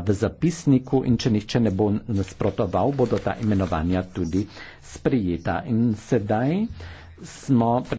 v zapisniku in če nihče ne bo nasprotoval, bodo ta imenovanja tudi sprijeta. In sedaj smo pri